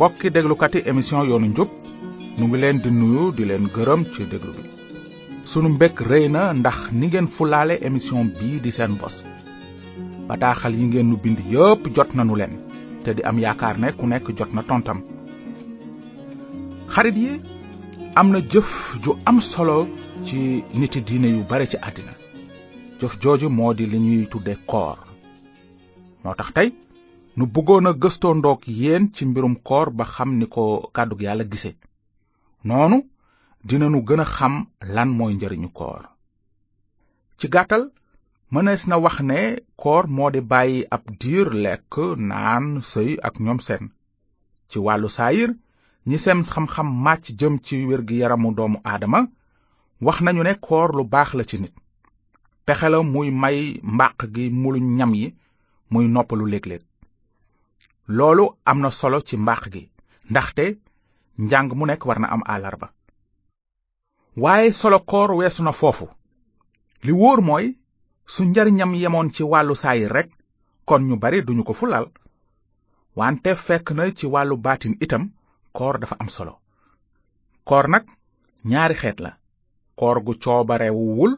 mbokki déglukati émission yoonu njub mu ngi leen di nuyu di leen gërëm ci déglu bi sunu mbég rëy na ndax ni ngeen fulaale émission bii di seen bos bataaxal yi ngeen nu bind yépp jot nanu leen te di am yaakaar ne ku nekk jot na tontam xarit yi am na jëf ju am solo ci niti diine yu bare ci àddina jëf jooju moo di li ñuy tudde koor moo tax tey nu bëggoon a gëstoo ndoog yéen ci mbirum koor ba xam ni ko kàddug yàlla gise noonu dinanu gën a xam lan mooy njariñu koor ci gàttal mënees na wax ne koor moo di bàyyi ab diir lekk naan sëy ak ñoom seen ci wàllu saayir ñi seen xam-xam màcc jëm ci wér wérgi yaramu doomu aadama wax nañu ne koor lu baax la ci nit pexe la muy may mbàq gi muluñ ñam yi muy noppalu léeg-léeg loolu am na solo ci mbaax gi ndaxte njàng mu nekk war na am àllarba waaye solo koor weesu na foofu li wóor mooy su njariñam yemoon ci wàllu saay rekk kon ñu bari duñu ko fulal wante fekk na ci wàllu baatin itam koor dafa am solo koor nag ñaari xeet la koor gu coobarewuwul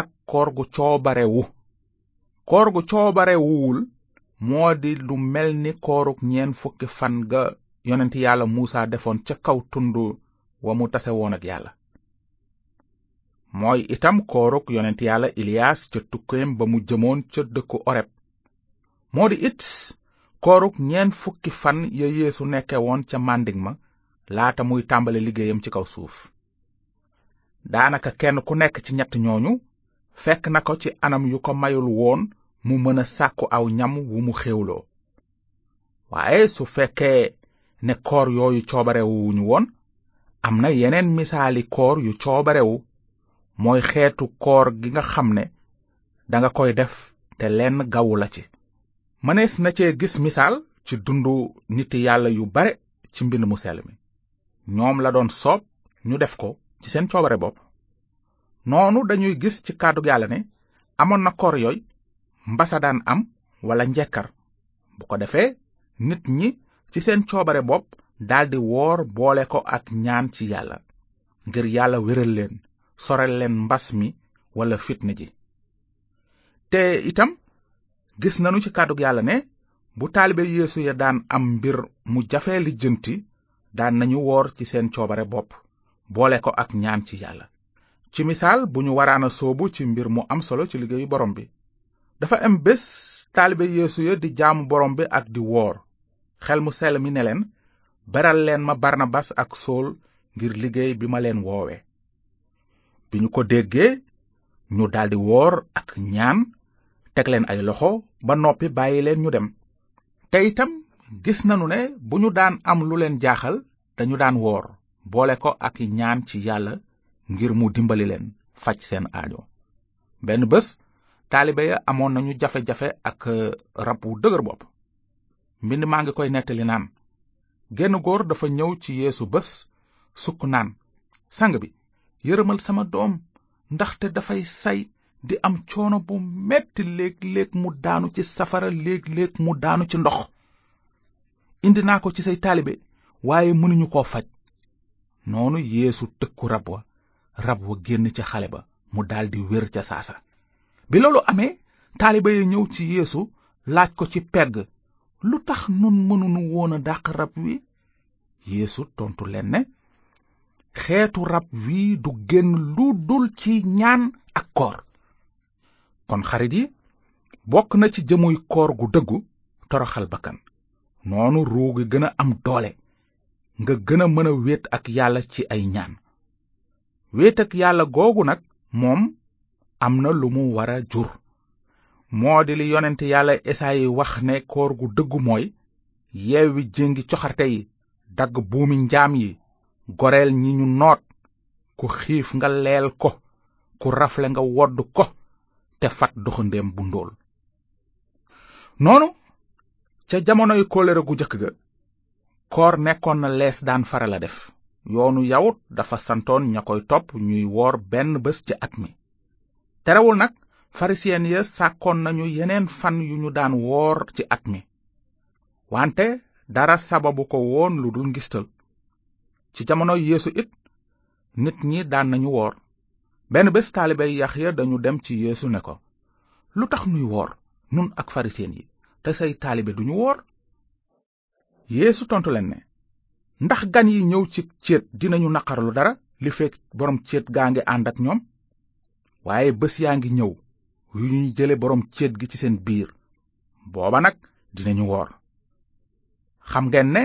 ak koor gu coobarewu koor gu coobarewuwul moo di lu mel ni kooruk ñeen fukki fan ga yonent yàlla muusa defoon ca kaw tund wa mu tase woon ak yàlla mooy itam kooruk yonent yàlla iliyaas ca tukkeem ba mu jëmoon ca dëkku oreb moo di it kooruk ñeen fukki fan ya yeesu nekke woon ca màndig ma laata muy tàmbale liggéeyam ci kaw suuf daanaka kenn ku nekk ci ñett ñooñu fekk na ko ci anam yu ko mayul woon mu mën a sàkku aw ñam mu xéwloo waaye su fekkee ne koor yooyu coobarewuñu woon am na yeneen misaali koor yu coobarewu mooy xeetu koor gi nga xam ne danga koy def te lenn gawu la ci mënees na cee gis misaal ci dundu nit yàlla yu bare ci mbind mu sell mi ñoom la doon soob ñu def ko ci seen coobare bopp noonu dañuy gis ci kàddu yàlla ne amoon na koor yooyu mbasa daan am wala njekkar bu ko defee nit ñi ci seen coobare bopp daldi woor boole ko ak ñaan ci yàlla ngir yàlla wéral leen sorel leen mbas mi wala fitna ji te itam gis nanu ci kàddug yàlla ne bu taalibe yeesu ya daan am mbir mu jafee lijjanti daan nañu woor ci seen coobare bopp boole ko ak ñaan ci yàlla ci misaal bu ñu waraana a soobu ci mbir mu am solo ci liggéeyu borom bi dafa am bés taalibe yeesu ya di jaamu borom bi ak di woor xel mu sell mi ne leen beral leen ma barnabas ak sool ngir liggéey bi ma leen woowe bi ñu ko déggee ñu daldi woor ak ñaan teg leen ay loxo ba noppi bàyyi leen ñu dem te itam gis nanu ne bu ñu daan am lu leen jaaxal dañu daan woor boole ko ak ñaan ci yàlla ngir mu dimbali leen faj seen aajo taalibe ya amoon nañu jafe-jafe ak euh, rab wu dëgër bopp mbind maa ngi koy nettali naan genn góor dafa ñëw ci yéesu bés sukk naan sang bi yërëmal sama doom ndaxte dafay say di am coono bu metti léeg-léeg mu daanu ci safara léeg-léeg mu daanu ci ndox indi naa ko ci say taalibe waaye mënuñu koo faj noonu yeesu tëkku rab wa rab wa génn ca xale ba mu daldi wér ca saasa bi loolu amee taaliba yi ñëw ci yéesu laaj ko ci pegg lu tax nun mënunu woona dàq rab wi yéesu tontu leen ne xeetu rab wi du génn lu dul ci ñaan ak koor kon xarit yi bokk na ci jëmuy koor gu dëggu toroxal bakkan noonu ruu gi gën a am doole nga gën a mën a wéet ak yàlla ci ay ñaan wéet ak yàlla googu nag moom am na lu mu war a jur moo di li yonent yàlla esaayi wax ne koor gu dëggu mooy yeewi jéngi coxarte yi dagg buumi njaam yi goreel ñi ñu noot ku xiif nga leel ko ku rafle nga wodd ko te fat doxandéem bu ndóol noonu ca jamonoy kóllëre gu jëkk ga koor nekkoon na lees daan faral a def yoonu yawut dafa santoon ña koy topp ñuy woor benn bés ci at mi terewul nag farisiyen ya sàkkoon nañu yeneen fan yu ñu daan woor ci at mi wante dara sababu ko woon lu dul ngistal ci jamono yéesu it nit ñi daan nañu woor benn bés taalibe Yaxya dañu dem ci yéesu ne ko lu tax nuy woor nun ak farisiyen yi te say taalibe duñu woor yéesu tontu leen ne ndax gan yi ñëw ci céet dinañu naqarlu dara li fekk boroom céet gaa ngi ànd ak ñoom waaye bés yaa ngi ñëw yu ñuy jële boroom céet gi ci seen biir booba nag dinañu woor xam ngeen ne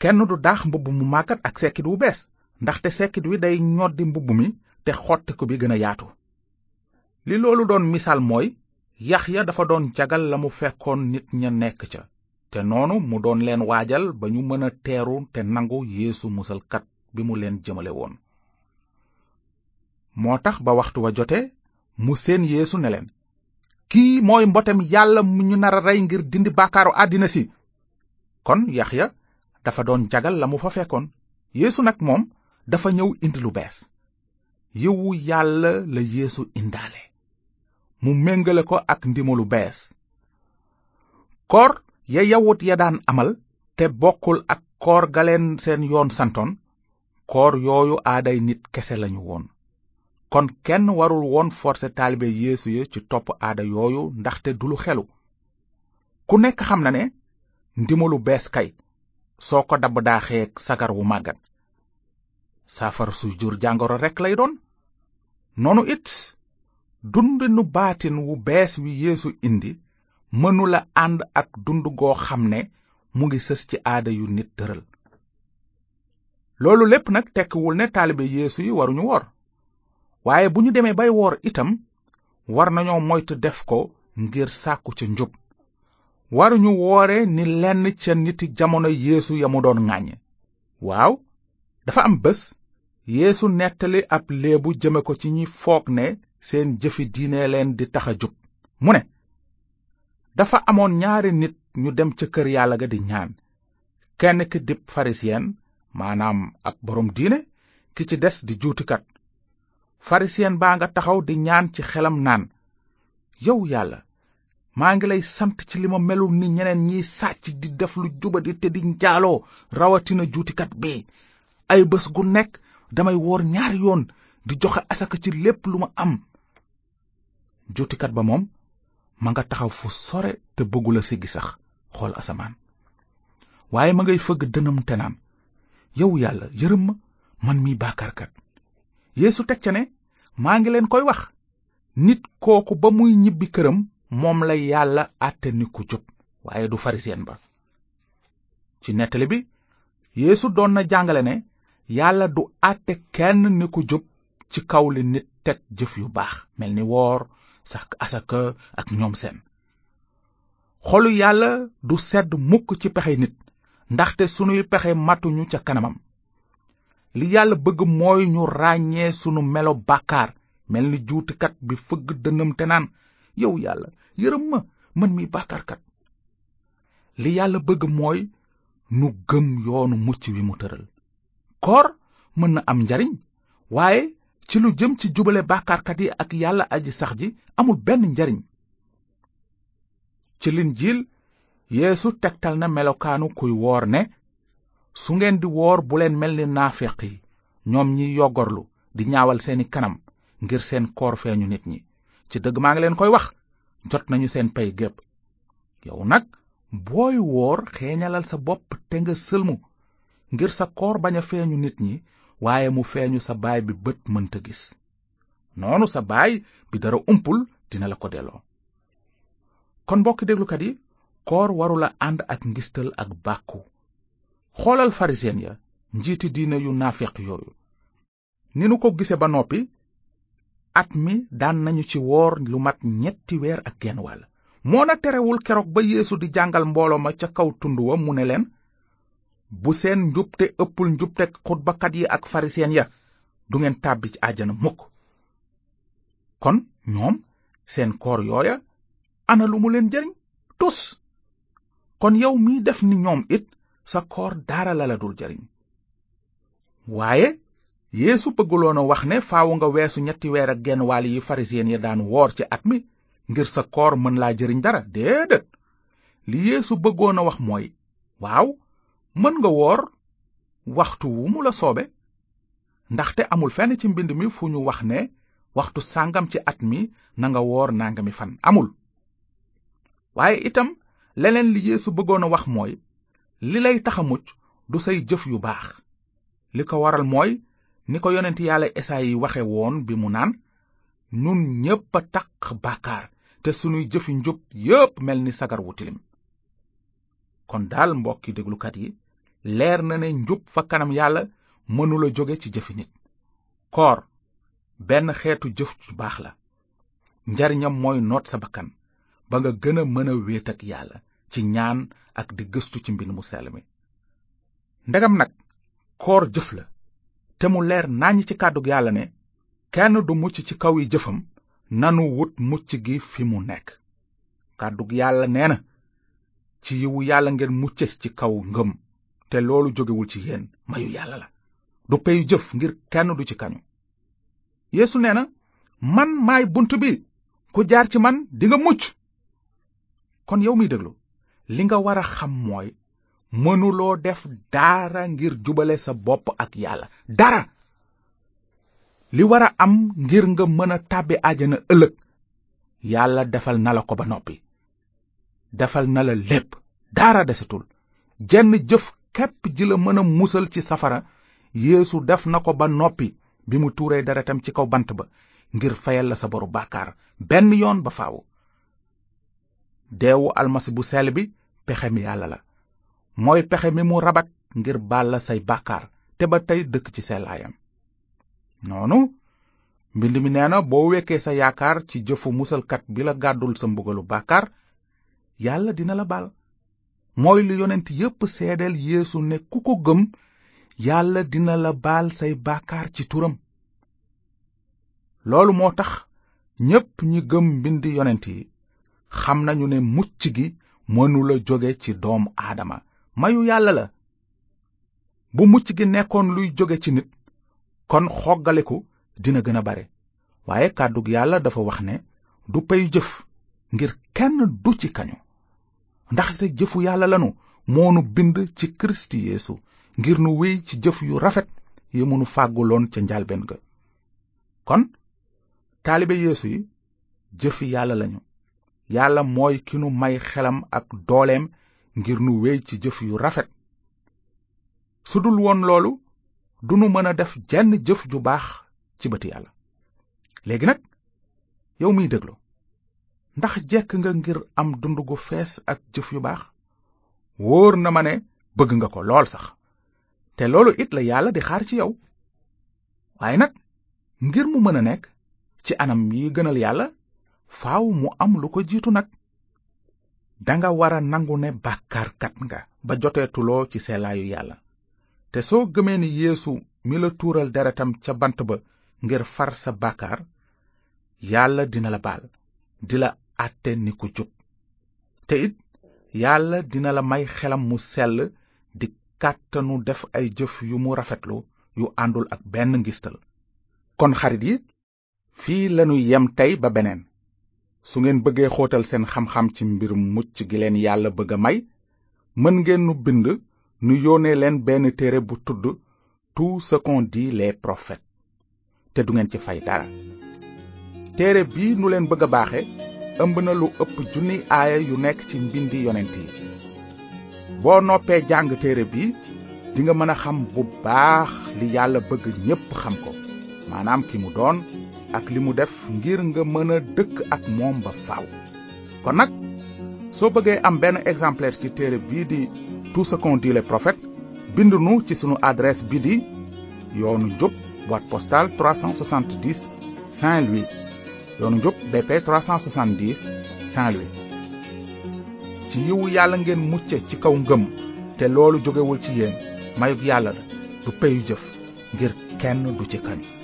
kenn du daax mbubb mu màggat ak sekkit wu bees ndaxte sekkit wi day ñoddi mbubb mi te xottiku bi gën a yaatu li loolu doon misaal mooy ya dafa doon jagal la mu fekkoon nit ña nekk ca te noonu mu doon leen waajal ba ñu mën a teeru te nangu yéesu musalkat bi mu leen jëmale woon moo tax ba waxtu wa jote mu seen yéesu ne leen kii mooy mbotem yàlla mu ñu nar a rey ngir dindi baakaaru àddina si kon yaxya dafa doon jagal la mu fa fekkoon yéesu nag moom dafa ñëw indi lu bees yiwu yàlla la yéesu indaale mu méngale ko ak ndimo lu bees koor ya yawut ya daan amal te bokkul ak koor galeen seen yoon santoon koor yooyu aaday nit kese lañu woon kon kenn warul woon forcer taalibe yéesu ya ci topp aada yooyu ndaxte du lu xelu ku nekk xam na ne lu bees kay soo ko dabb daaxee sagar wu màggat saafara su jur jàngoro rekk lay doon noonu it dundinu baatin wu bees wi yéesu indi mënula ànd ak dund goo xam ne mu ngi sës ci aada yu nit tëral loolu lépp nag tekkiwul ne taalibe yi waruñu wor waaye bu ñu demee bay woor itam war nañoo moytu def ko ngir sàkku ca njub waruñu woore ni lenn ca niti jamono yéesu ya mu doon ŋàññ waaw dafa am bés yéesu nettali ab léebu jëme ko ci ñi foog ne seen jëfi diine leen di tax a jub mu ne dafa amoon ñaari nit ñu dem ca kër yàlla ga di ñaan kenn ki dib farisiyen maanaam ab boroom diine ki ci des di juutikat farisiyen baa nga taxaw di ñaan ci xelam naan yow yàlla maa ngi lay sant ci li ma melul ni ñeneen ñiy sàcc di def lu jubadi te di njaaloo rawatina juutikat bi ay bés gu nekk damay woor ñaar yoon di joxe asaka ci lépp lu ma am juutikat ba moom ma nga taxaw fu sore te a siggi sax xool asamaan waaye ma ngay fëgg dënam te naan yow yàlla yërëm ma man mii bàkkaarkat yeesu teg ca ne maa ngi leen koy wax nit kooku ba muy ñibbi këram moom la yàlla àtte ni ku jub waaye du farisiyen ba ci nettali bi yéesu doon na jàngale ne yàlla du àtte kenn ni ku jub ci kaw li nit teg jëf yu baax mel ni woor sak asaka ak ñoom seen xolu yàlla du sedd mukk ci pexe nit ndaxte sunuy pexe matuñu ca kanamam li yàlla bëgg mooy ñu ràññee sunu melo bàkkaar mel ni juutikat bi fëgg dënnam te naan yow yàlla yërëm ma man mi bàkkaarkat li yàlla bëgg mooy nu gëm yoonu mucc wi mu tëral koor mën na am njariñ waaye ci lu jëm ci jubale bàkkaarkat yi ak yàlla aji sax ji amul benn njariñ ci linjiil yéesu tegtal na melokaanu kuy woor ne su ngeen di woor bu leen mel ni naafeq yi ñoom ñi yoggorlu di ñaawal seeni kanam ngir seen koor feeñu nit ñi ci dëgg maa ngi leen koy wax jot nañu seen pay gépp yow nag booy woor xeeñalal sa bopp te nga sëlmu ngir sa koor bañ a feeñu nit ñi waaye mu feeñu sa baay bi bët mënta gis noonu sa baay bi dara umpul dina la ko delloo kon mbokki déglukat yi koor warula ànd ak ngistal ak bàkku xoolal farisiyen ya njiiti diina yu naafeq yooyu ni nu ko gise ba noppi at mi daan nañu ci woor lu mat ñetti weer ak genn wàll moo na terewul keroog ba yeesu di jàngal mbooloo ma ca kaw tund wa mu ne leen bu seen njubte ëppul njubte xutbakat yi ak farisiyen ya du ngeen tàbbi ci àjjana mukk kon ñoom seen koor yooya ana lu mu leen jariñ tus kon yow mi def ni ñoom it sa koor dara la la waaye yéesu bëgguloon a wax ne faawu nga weesu ñetti weer ak genn wàll yi farisiyen ya daan woor ci at mi ngir sa koor mën laa jëriñ dara déedéet li yeesu bëggoon a wax mooy waaw mën nga woor waxtu wu mu la soobe ndaxte amul fenn ci mbind mi fu ñu wax ne waxtu sàngam ci at mi nanga woor nangami fan amul waaye itam leneen li yeesu bëggoon a wax mooy li lay tax a mucc du say jëf yu baax li ko waral mooy ni ko yonent yàlla esaay yi waxe woon bi mu naan ñun ñépp a taq bàkkaar te sunuy jëfi njub yépp mel ni sagar wu tilim kon daal mbokki déglukat yi leer na ne njub fa kanam yàlla mënula jóge ci jëfi nit koor benn xeetu jëf ju baax la njariñam mooy noot sa bakkan ba nga gën a mën a wéet ak yàlla ci ñaan ak di ci mbind mu sell mi ndegam nag koor jëf la te mu leer naññ ci kàddug yàlla ne kenn du mucc ci kaw yi jëfam nanu wut mucc gi fi mu nekk kàddug yàlla nee na ci yiwu yàlla ngeen mucce ci kaw ngëm te loolu jógewul ci yéen mayu yàlla la du payu jëf ngir kenn du ci kañu yeesu nee na man maay bunt bi ku jaar ci man dinga mucc kon yow miy déglu li nga war a xam mooy mënuloo def dara ngir jubale sa bopp ak yàlla dara li war a am ngir nga mën a tàbbi àjjana ëllëg yàlla defal na la ko ba noppi defal na la lépp dara desetul jenn jëf képp ji la mën a musal ci safara yeesu def na ko ba noppi bi mu tuuree deretam ci kaw bant ba ngir fayal la sa boru bàkkaar benn yoon ba faw deewu almasi bu seel bi pexe mi yàlla la mooy pexe mi mu rabat ngir baal la say bàkkaar te ba tey dëkk ci sellaayam noonu mbind mi nee na boo wékkee sa yaakaar ci jëfu musalkat bi la gàddul sa mbugalu bàkkaar yàlla dina la baal mooy lu yonent yépp seedeel yeesu ne ku ko gëm yàlla dina la baal say bàkkaar ci turam loolu moo tax ñépp ñi gëm mbind yonent yi xam nañu ne mucc gi mënula jóge ci doom aadama mayu yàlla la bu mucc gi nekkoon luy jóge ci nit kon xoggaliku dina gën a bare waaye kàddug yàlla dafa wax ne du pay jëf ngir kenn du ci kañu ndaxte jëfu yàlla lanu moonu bind ci kirist yeesu ngir nu wéy ci jëf yu rafet yi mënu fàgguloon ca njalbeen ga kon taalibe yeesu yi jëfi yàlla lañu yàlla mooy ki nu may xelam ak dooleem ngir nu wéy ci jëf yu rafet su dul woon loolu du nu mën a def jenn jëf ju baax ci bëti yàlla léegi nag yow miy déglu ndax jekk nga ngir am dund gu fees ak jëf yu baax wóor na ma ne bëgg nga ko lool sax te loolu it la yàlla di xaar ci yow waaye nag ngir mu mën a nekk ci anam yi gënal yàlla faaw mu am lu ko jiitu nag danga wara nangu ne bàkkaarkat nga ba joteetuloo ci seelaayu yàlla te soo gëmee ni yéesu mi la tuural deretam ca bant ba ngir far sa bàkkaar yàlla dina la baal di la àtte ni ku jub te it yàlla dina la may xelam mu sell di kàttanu def ay jëf yu mu rafetlu yu àndul ak benn ngistal kon xarit yi fii lanu yem tey ba beneen su ngeen bëggee xóotal seen xamxam xam ci mbirum mucc gi leen yàlla bëgg a may mën ngeen nu bind nu yónnee leen benn téere bu tudd tout ce qu'on dit les prophètes te du ngeen ci fay dara téere bii nu leen bëgg a baaxe ëmb na lu ëpp junni aaya yu nekk ci mbindi yonent yi boo noppee jàng téere bi dinga mën a xam bu baax li yàlla bëgg ñépp xam ko maanaam ki mu doon ak li mu def ngir nga mën a dëkk ak moom ba faaw kon nag soo bëggee am benn exemplaire ci téere bii di tout ce qu'ont dit bind nu ci sunu adresse bi di yoonu njub boîte postale 370 Saint-Louis yoonu njub BP 370 Saint-Louis ci yiwu yàlla ngeen mucce ci kaw ngëm te loolu jógewul ci yéen mayug yàlla la du peyu jëf ngir kenn du ci kañ